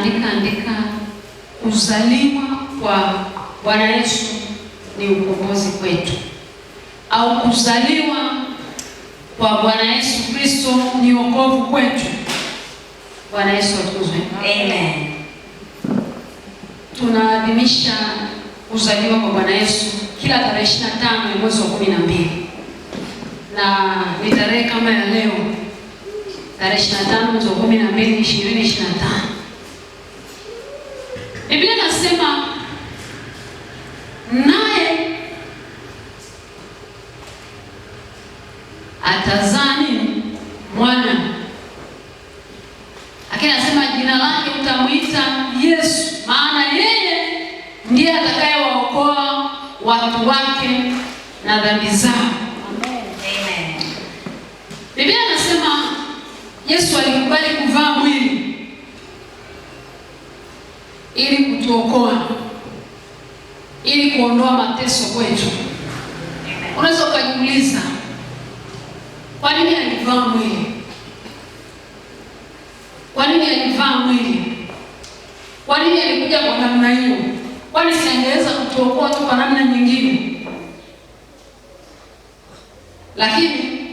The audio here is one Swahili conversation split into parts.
anaandika andika, kuzaliwa kwa Bwana Yesu ni ukombozi kwetu, au kuzaliwa kwa Bwana Yesu Kristo ni wokovu kwetu. Bwana Yesu atukuzwe. Amen. Tunaadhimisha kuzaliwa kwa Bwana Yesu kila tarehe 25 ya mwezi wa 12 na ni tarehe kama ya leo tarehe 25 mwezi wa 12 2025 Eh, Biblia nasema naye atazani Mwana. Lakini anasema jina lake mtamwita Yesu, maana yeye ndiye atakayewaokoa watu wake na dhambi zao. Amen. Biblia anasema Yesu alikubali kuvaa ili kutuokoa, ili kuondoa mateso kwetu. Unaweza ukajiuliza kwa nini alivaa mwili? Kwa nini alivaa mwili? Kwa nini alikuja kwa namna hiyo? Kwani si angeweza kutuokoa tu kwa namna nyingine? Lakini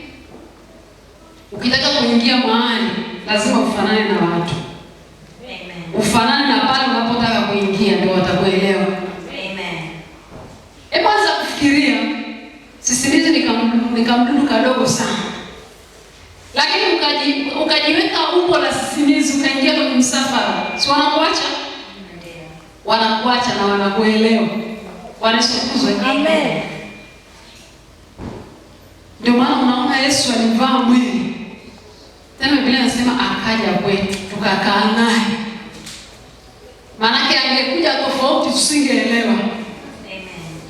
ukitaka kuingia mahali lazima ufanane na watu. kamdudu kadogo sana, lakini ukaji, ukajiweka umbo la sisimizi ukaingia kwenye msafara, si wanakuacha? Wanakuacha na wanakuelewa, wanasukuzwa. Amen. Ndio maana unaona Yesu alivaa mwili tena, bila inasema akaja kwetu tukakaa naye. Maanake angekuja tofauti tusingeelewa,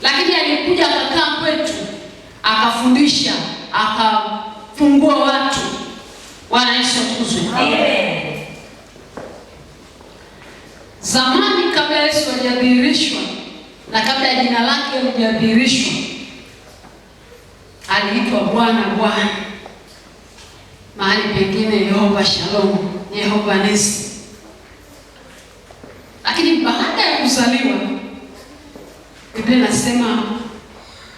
lakini alikuja akakaa kwetu akafundisha, akafungua watu. Bwana Yesu atukuzwe. Zamani kabla Yesu hajadhihirishwa na kabla ya jina lake halijadhihirishwa, aliitwa Bwana Bwana, mahali pengine Yehova Shalom, Yehova Nesi. Lakini baada ya kuzaliwa Biblia inasema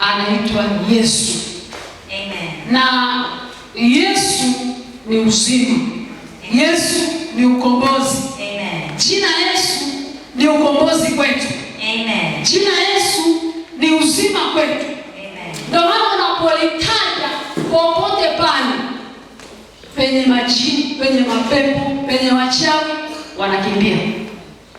anaitwa Yesu. Amen. Na Yesu ni uzima. Amen. Yesu ni ukombozi. Amen. Jina Yesu ni ukombozi kwetu. Amen. Jina Yesu ni uzima kwetu. Amen. Ndio maana unapolitaja popote pale penye majini, penye mapepo, penye wachawi wanakimbia.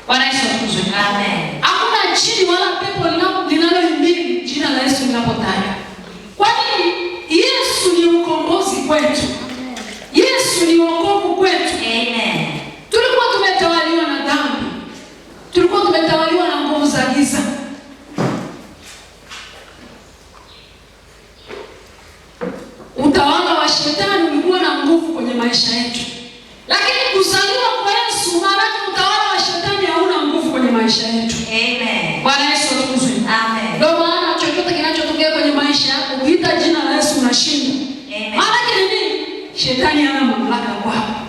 Bwana Yesu atukuzwe. Amen. Hakuna jini wala pepo linalo linalo linaloimbili jina la Yesu linapotajwa. Kwa nini? Yesu ni ukombozi kwetu, Yesu ni wokovu kwetu. Amen. Tulikuwa tumetawaliwa na dhambi, tulikuwa tumetawaliwa na nguvu za giza. Utawala wa shetani ulikuwa na nguvu kwenye maisha yetu, lakini kuzaliwa kwa Yesu mara utawala wa shetani hauna nguvu kwenye maisha yetu. Amen. Shetani hana mamlaka kwako,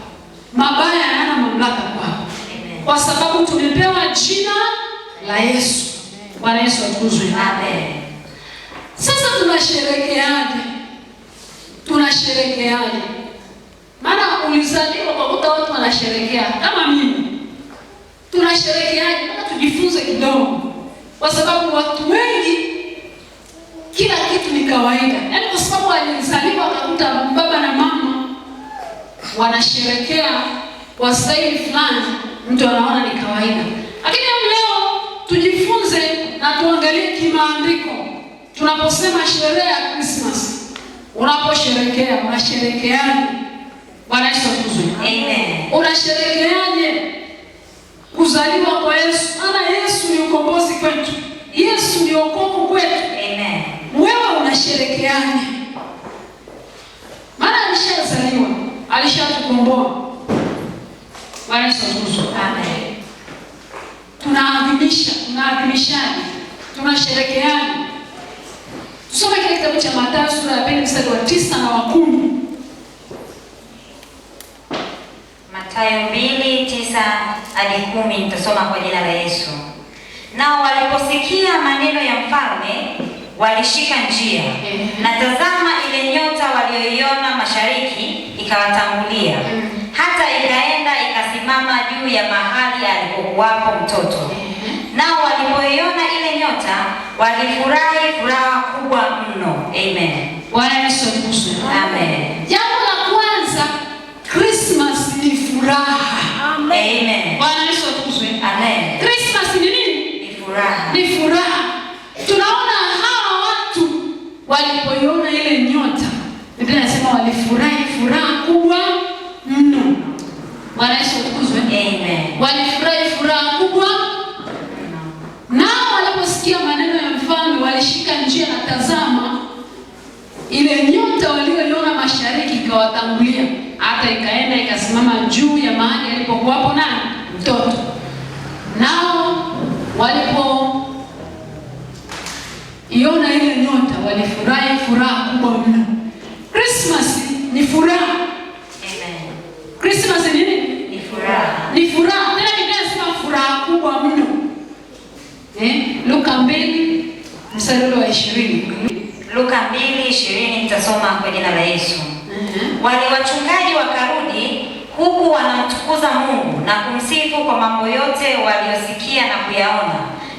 mabaya hana mamlaka kwako, kwa sababu tumepewa jina la Yesu. Bwana Yesu atukuzwe. Amen. Sasa tunasherekeaje? Tunasherekeaje? Maana ulizaliwa kwa kuta watu wanasherekea kama mimi. Tunasherekeaje? Maana tujifunze kidogo, kwa sababu watu wengi kila kitu ni kawaida, yaani kwa sababu alizaliwa akakuta baba na mama wanasherekea kwa staili fulani, mtu anaona ni kawaida. Lakini leo tujifunze na tuangalie kimaandiko, tunaposema sherehe ya Krismasi, unaposherekea unasherekeaje? Bwana Yesu akuzuie. Amen. Unasherekeaje kuzaliwa kwa Yesu? Ana Yesu ni ukombozi kwetu, Yesu ni wokovu kwetu. Amen. Wewe unasherekeaje? Maana nishazaliwa alishatukomboa. Bwana Yesu asifiwe. Amen. Tunaadhimisha, tunaadhimishana, tunasherekeana. Tusome kile kitabu cha Mathayo sura ya pili mstari wa tisa na wa kumi. Mathayo mbili tisa hadi kumi nitasoma kwa jina la Yesu. Nao waliposikia maneno ya mfalme walishika njia na tazama, ile nyota walioiona mashariki ikawatangulia, hata ikaenda ikasimama juu ya mahali alipokuwapo mtoto. Nao walipoiona ile nyota walifurahi furaha kubwa mno. Amen. Bwana Yesu asifiwe. Amen. Jambo la kwanza, Christmas ni furaha. Amen. Bwana Yesu asifiwe. Amen. Christmas ni nini? Ni furaha. Ni furaha. Walipoiona ile nyota, Biblia inasema walifurahi furaha kubwa mno. Bwana Yesu atukuzwe. Amen. Walifurahi furaha kubwa nao, waliposikia maneno ya mfalme walishika njia na tazama, ile nyota walioiona mashariki ikawatangulia, hata ikaenda ikasimama juu ya mahali alipokuwapo nani mtoto walifurahi furaha kubwa mno. Christmas ni furaha. Amen. Christmas ni nini? Ni furaha. Ni furaha. Tena Biblia inasema furaha kubwa mno. Eh? Luka 2 mstari wa 20. Luka 2:20 mtasoma kwa jina la Yesu. Mhm. huh Wale wachungaji wakarudi huku wanamtukuza Mungu na kumsifu kwa mambo yote waliyosikia na kuyaona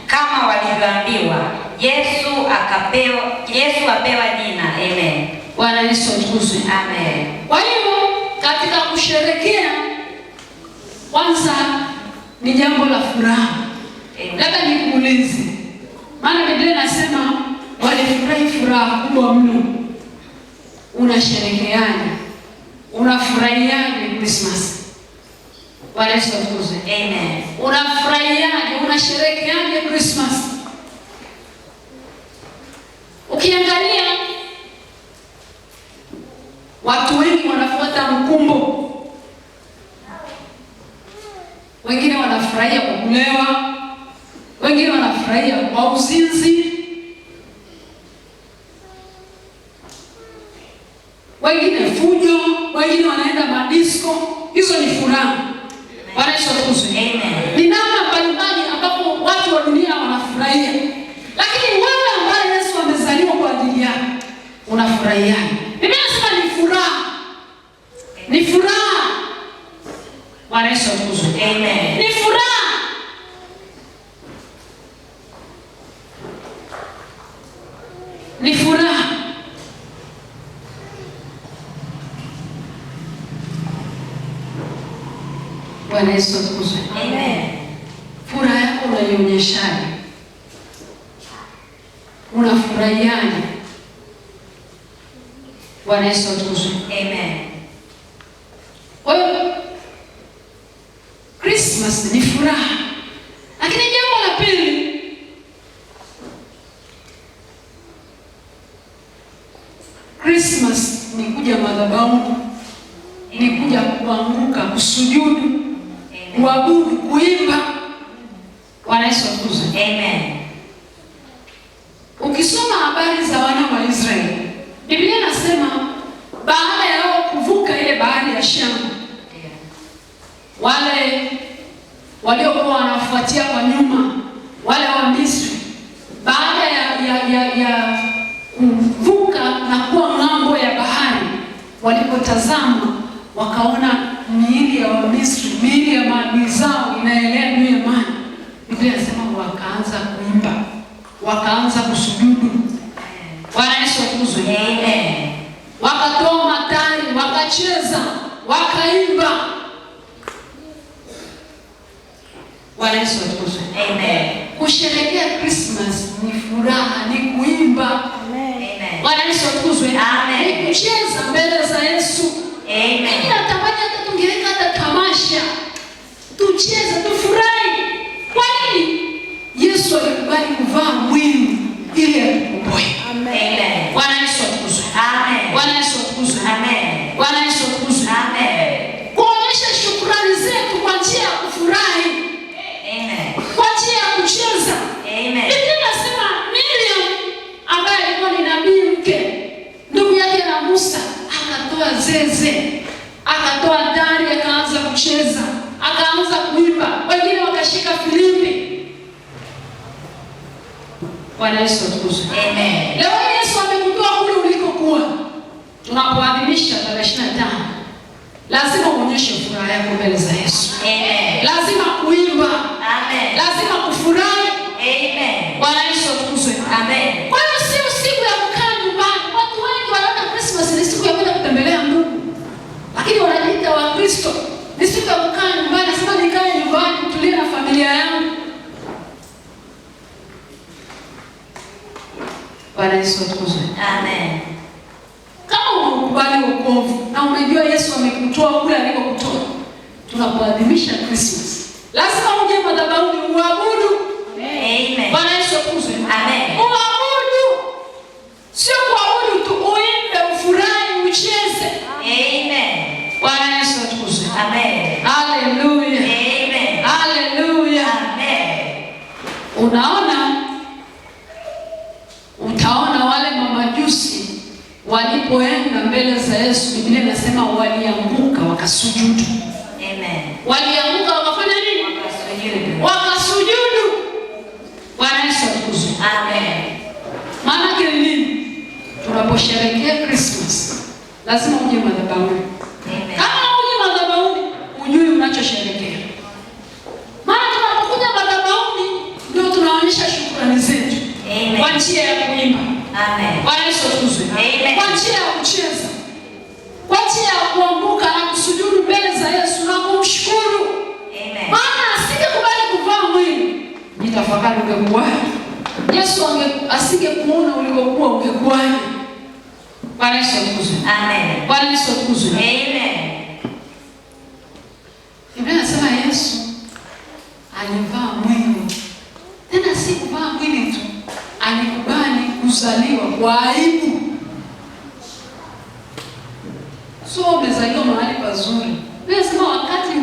kama walivyoambiwa Yesu akapewa, Yesu apewa jina. Amen. Bwana Yesu atukuzwe. Amen. Kwa hiyo katika kusherekea kwanza ni jambo la furaha. Labda nikuulize, maana Biblia inasema walifurahi furaha kubwa mno. Unasherekeaje? Unafurahiaje Christmas? Bwana Yesu atukuzwe. Amen. Unafurahiaje? Unasherekeaje Christmas? Ukiangalia watu wengi wanafuata mkumbo, wengine wanafurahia kwa kulewa, wengine wanafurahia kwa uzinzi, wengine fujo, wengine wanaenda madisko. Hizo ni furaha, Bwana Yesu wanafurahiana. Biblia inasema ni furaha, ni furaha. Bwana Yesu atukuzwe. Amen. Ni furaha. Ni furaha. Bwana Yesu atukuzwe. Amen. Furaha yako unaionyeshaje? Bwana Yesu atukuzwe. Amen. Kwa hiyo Christmas ni furaha, lakini jambo la pili Christmas ni kuja madhabahu, ni kuja kuanguka, kusujudu, kuabudu, kuimba. Bwana Yesu atukuzwe. Amen. Ukisoma habari za wana wa Israeli Biblia inasema shamba. Wale waliokuwa wanafuatia kwa nyuma, wale wa Misri, baada ya, ya, ya, ya kuvuka na kuwa ng'ambo ya bahari, walipotazama wakaona miili ya Wamisri, miili ya maadui zao inaelea juu ya maji. Biblia yasema wakaanza kuimba, wakaanza kusujudu. Bwana Yesu Wakatoa matari, wakacheza wakaimba. Bwana Yesu atukuzwe. Amen. Kusherehekea Christmas ni furaha, ni kuimba. Amen. Bwana Yesu atukuzwe. Amen. Ni kucheza mbele za Yesu. Amen. Hata kama hata tungeweka hata tamasha tucheze tu Bwana Yesu atukuzwe. Amen. Leo Yesu amekutoa kule ulikokuwa. Tunapoadhimisha tarehe 25, lazima uonyeshe furaha yako mbele za Yesu. Amen. Lazima kuimba. Amen. Lazima kufurahi Bwana Yesu atukuzwe. Amen. Kama unakubali wokovu na umejua Yesu amekutoa kule alikokutoa, tunapoadhimisha Christmas lazima uje madhabahuni uabudu. Amen. Bwana Yesu atukuzwe. Amen. wakasujudu. Amen. Waliamka wakafanya nini? Wakasujudu. Wakasujudu. Bwana Yesu atukuzwe. Amen. Maana yake nini? Tunaposherehekea Christmas lazima uje madhabahu Yesu asingekuona ulikokuwa ungekuwaje? Bwana Yesu atukuzwe. Amen. Bwana Yesu atukuzwe. Amen. Biblia inasema Yesu alivaa mwili. Tena si kuvaa mwili tu, alikubali kuzaliwa kwa aibu. So umezaliwa mahali pazuri. Biblia inasema wakati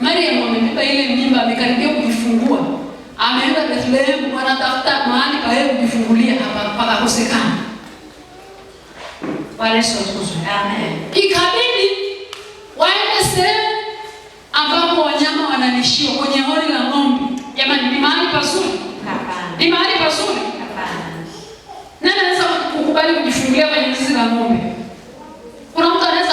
Maria amebeba ile mimba amekaribia kujifungua ameenda Bethlehemu, anatafuta mahali pa yeye kujifungulia hapa mpaka kosekana pale. amen. ikabidi waende sehemu ambapo wanyama wananishiwa kwenye hori la ng'ombe. Jamani, ni mahali pazuri? Ni mahali pazuri? Nani anaweza kukubali kujifungulia kwenye zizi la ng'ombe? Kuna mtu anaweza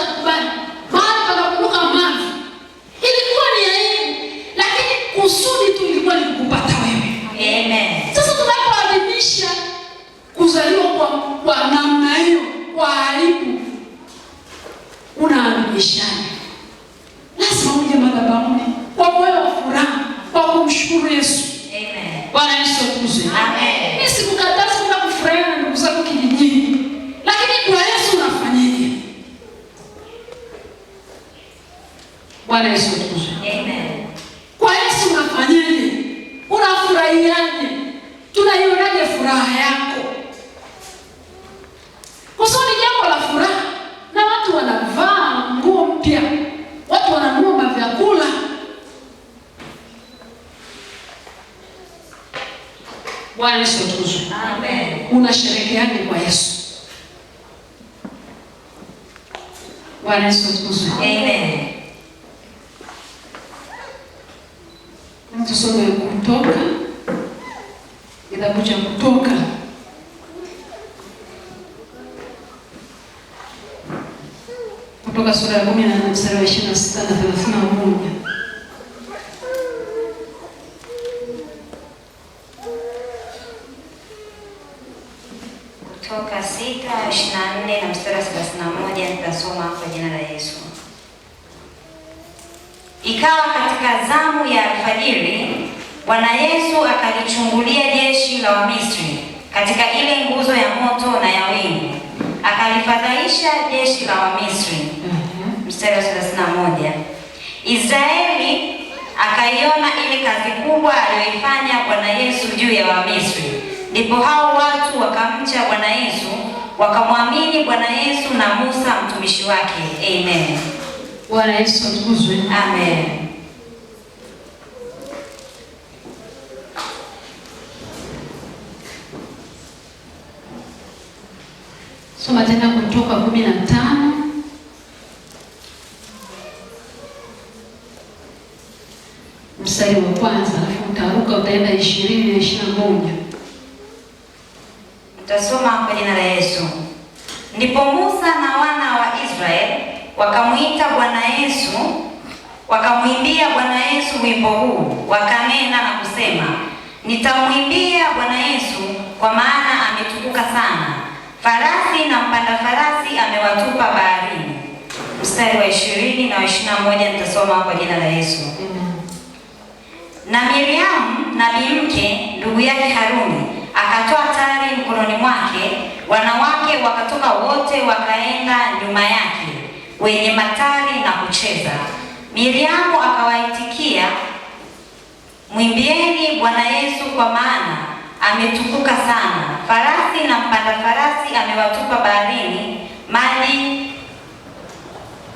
Bwana Yesu atukuzwe. Amen. Unashereheaje kwa Yesu? Bwana Yesu atukuzwe. Amen. Tusome Kutoka, kitabu cha Kutoka kutoka sura ya kumi na nne mstari wa ishirini na sita na thelathini na moja Bwana Yesu akalichungulia jeshi la Wamisri katika ile nguzo ya moto na ya wingu, akalifadhaisha jeshi la Wamisri. Mhm. Mstari wa moja. Israeli akaiona ile kazi kubwa aliyoifanya Bwana Yesu juu ya Wamisri, ndipo hao watu wakamcha Bwana Yesu wakamwamini Bwana Yesu na Musa mtumishi wake. Amen. Bwana Yesu atukuzwe. Amen. Soma tena Kutoka kumi na tano mstari wa kwanza alafu mtaruka utaenda ishirini na ishirini na moja Mtasoma kwa jina la Yesu. Ndipo Musa na wana wa Israeli wakamwita Bwana Yesu, wakamwimbia Bwana Yesu wimbo huu, wakanena na kusema, nitamwimbia Bwana Yesu kwa maana ametukuka sana Farasi na mpanda farasi amewatupa baharini. Mstari wa ishirini na wa ishirini na moja nitasoma kwa jina la Yesu. Na Miriamu nabii mke ndugu yake Haruni akatoa tari mkononi mwake, wanawake wakatoka wote wakaenda nyuma yake wenye matari na kucheza. Miriamu akawaitikia, mwimbieni Bwana Yesu, kwa maana ametukuka sana. Farasi na mpanda farasi amewatupa baharini, maji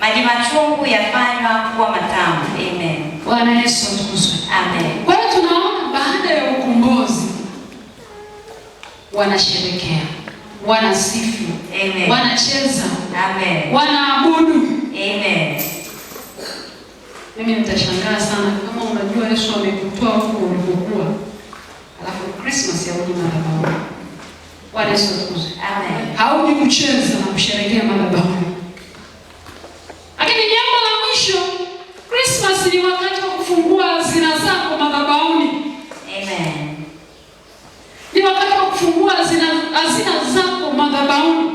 maji machungu yafanywa kuwa matamu. Amen. Bwana Yesu atukuzwe. Amen. Kwa hiyo tunaona baada ya ukombozi wanasherekea, wanasifu, Amen. Wanacheza, Amen. Wanaabudu, Amen. Mimi nitashangaa sana kama unajua Yesu amekutoa huko ulipokuwa Alafu Christmas ya uji madhabahu. Bwana Yesu atukuzwe. Amen. Hauji kucheza na kusherehekea madhabahu. Lakini jambo la mwisho, Christmas ni wakati wa kufungua hazina zako madhabahuni. Amen. Ni wakati wa kufungua hazina zako madhabahuni.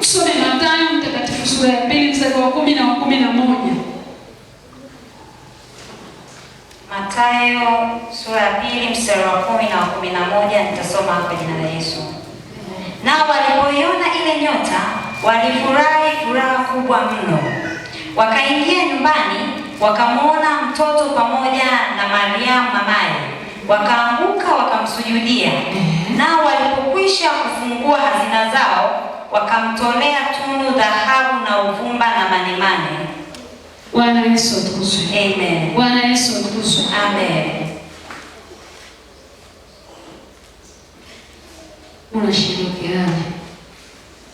Msome Mathayo Mtakatifu sura ya 2 mstari wa 10 na wa 11. Mathayo sura ya pili mstari wa kumi na wa kumi na moja nitasoma kwa jina la Yesu. Nao walipoiona ile nyota walifurahi furaha kubwa mno, wakaingia nyumbani wakamwona mtoto pamoja na Mariamu mamaye, wakaanguka wakamsujudia. Nao walipokwisha kufungua hazina zao, wakamtolea tunu dhahabu na uvumba na manemane Bwana Yesu atukuzwe. Amen. Bwana Yesu atukuzwe. Amen. Unashirikiana.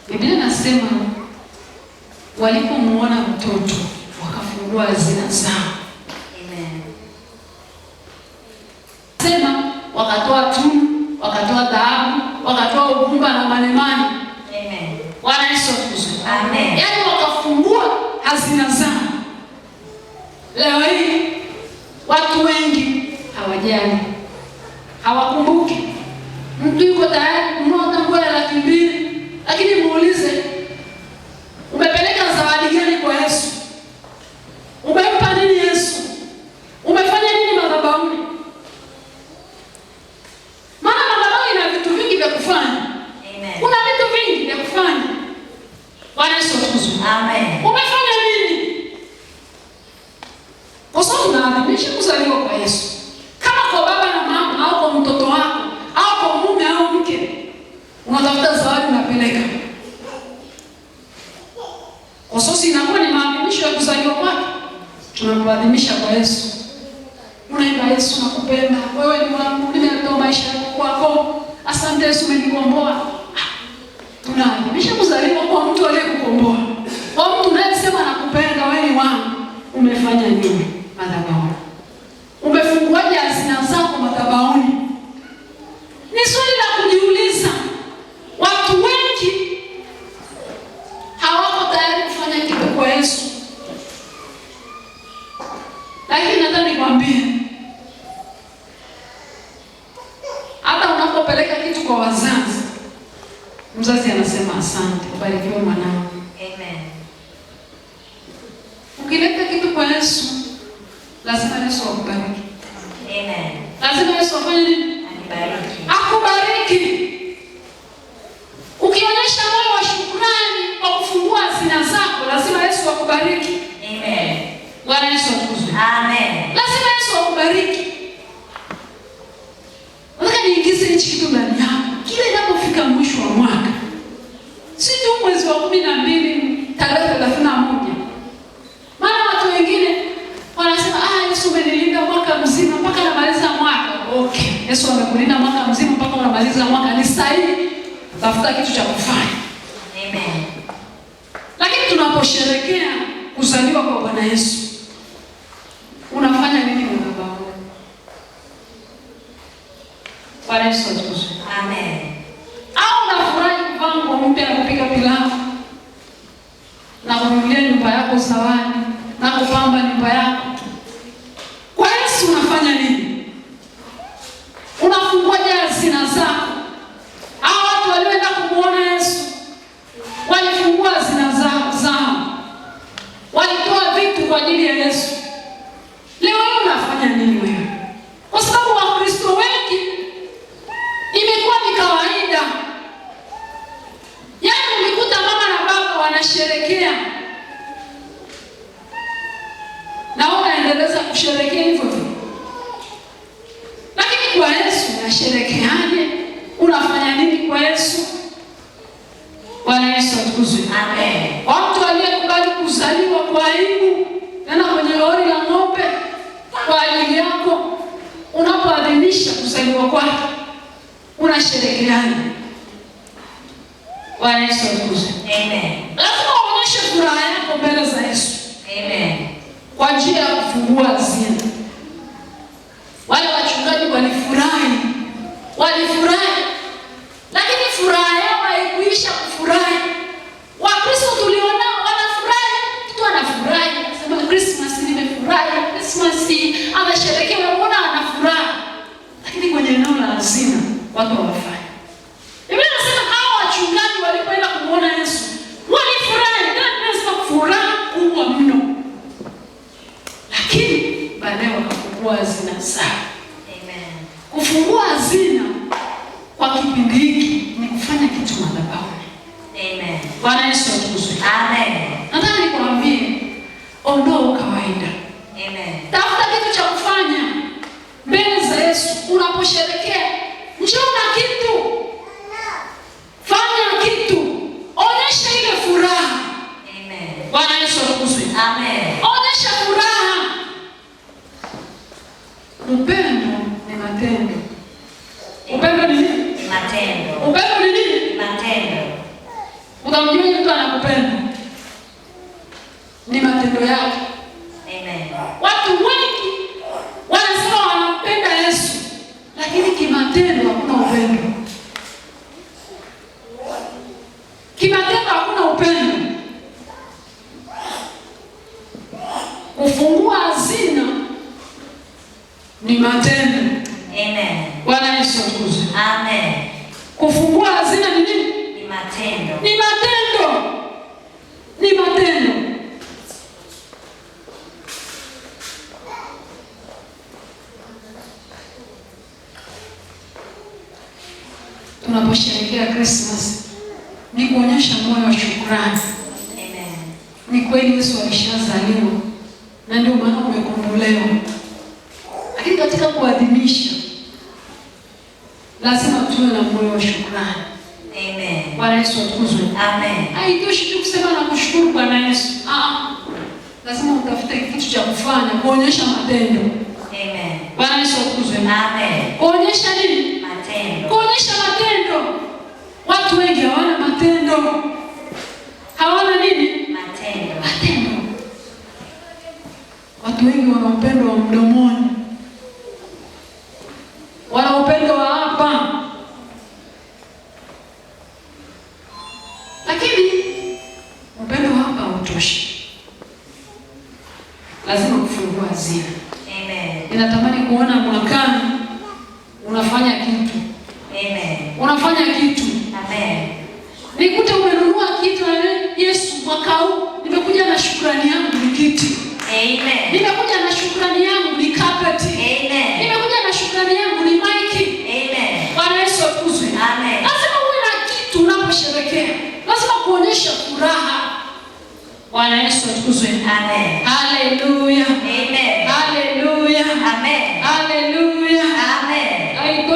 Biblia nasema walipomuona mtoto wakafungua hazina zao. Amen. Sema wakatoa tunu, wakatoa dhahabu, wakatoa ugumba na manemane. Amen. Bwana Yesu atukuzwe. Amen. Yaani wakafungua hazina zao. Leo hii watu wengi hawajali, hawakumbuki. Mtu yuko tayari kunua nguo ya laki mbili, lakini muulize kukomboa. Au mtu unayesema nakupenda wewe ni wangu, umefanya nini madhabahu? Amen. Lazima Yesu akubariki. vacinação neno mbele za Yesu Amen. kwa njia ya kufungua hazina. Wale wachungaji walifurahi, walifurahi, lakini furaha yao haikuisha kufurahi. Wakristo tuliona wanafurahi, mtu anafurahi sema Christmas, nimefurahi Christmas, amesherekea, unaona anafurahi, lakini kwenye eneo la hazina watu hawafa kufungua hazina zao. Amen. Kufungua hazina kwa kipindi hiki ni kufanya kitu madhabahu. Amen. Bwana Yesu atukuzwe. Amen. Nataka nikwambie, ondoa kawaida. Amen. Tafuta kitu cha kufanya mbele za Yesu unaposhe matendo, ni matendo, ni matendo. Tunaposherehekea Christmas ni kuonyesha moyo wa shukrani. Amen. Ni kweli Yesu alishazaliwa na ndio maana umekombolewa, lakini katika kuadhimisha lazima tuwe na moyo wa shukrani. Amen. Bwana Yesu atukuzwe. Amen. Haitoshi ah, tu kusema na kushukuru Bwana Yesu. Ah, ah, lazima utafute kitu cha kufanya kuonyesha matendo. Amen. Bwana Yesu atukuzwe. Amen. Kuonyesha nini? Matendo. Kuonyesha matendo. Watu wengi hawana matendo. Hawana nini? Matendo. Matendo. Watu wengi wana upendo wa mdomoni.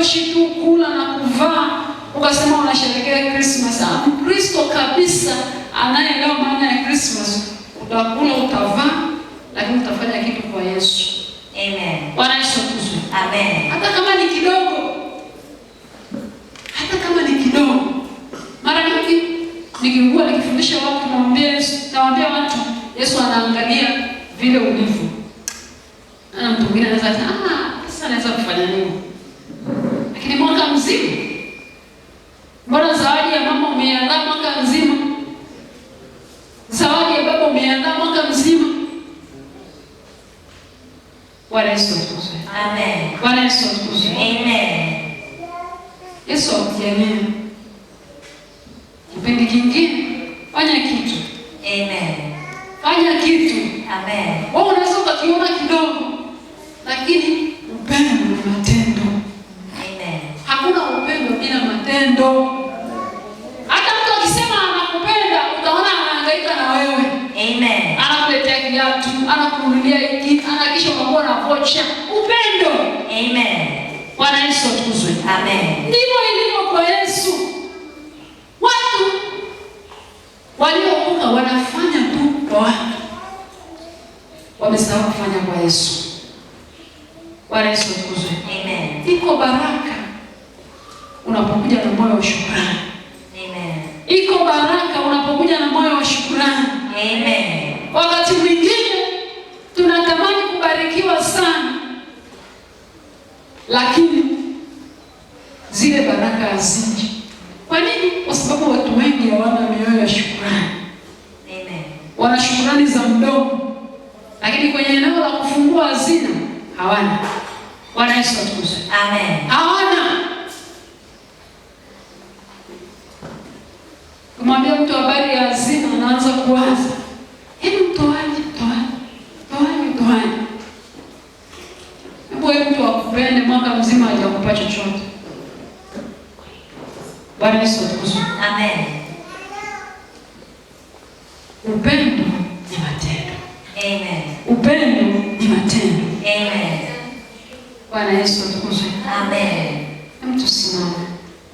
haipotoshi tu kula na kuvaa ukasema unasherehekea Christmas. Ah, Mkristo kabisa anayeelewa maana ya Christmas, utakula utavaa, lakini utafanya kitu kwa Yesu. Amen. Bwana Yesu akusifiwe. Amen. Hata kama ni kidogo, hata kama ni kidogo. Mara nyingi nikikuwa nikifundisha watu, nawaambia Yesu, nawaambia watu Yesu anaangalia vile ulivyo. Ana mtu mwingine anaweza ah, sasa anaweza kufanya nini? Mbona zawadi ya mama umeandaa mwaka mzima? Zawadi ya baba umeandaa mwaka mzima. Bwana Yesu atukuzwe. Amen. Bwana Yesu atukuzwe. Amen. Yesu akujalie. Kipindi kingine fanya kitu. Amen. Fanya kitu. Amen. Wewe unaweza ukakiona kidogo lakini upendo ni matendo. Amen. Hakuna upendo bila matendo. kutosha upendo. Amen. Bwana Yesu atukuzwe. Amen. Ndivyo ilivyo kwa Yesu. Watu waliokoka wanafanya tu kwa watu, wamesahau kufanya kwa Yesu. Bwana Yesu atukuzwe. Amen. Iko baraka unapokuja na moyo wa shukrani. Amen. Iko baraka unapokuja na moyo wa shukrani. Amen. Wakati mwingine tunatamani kubariki lugarzinho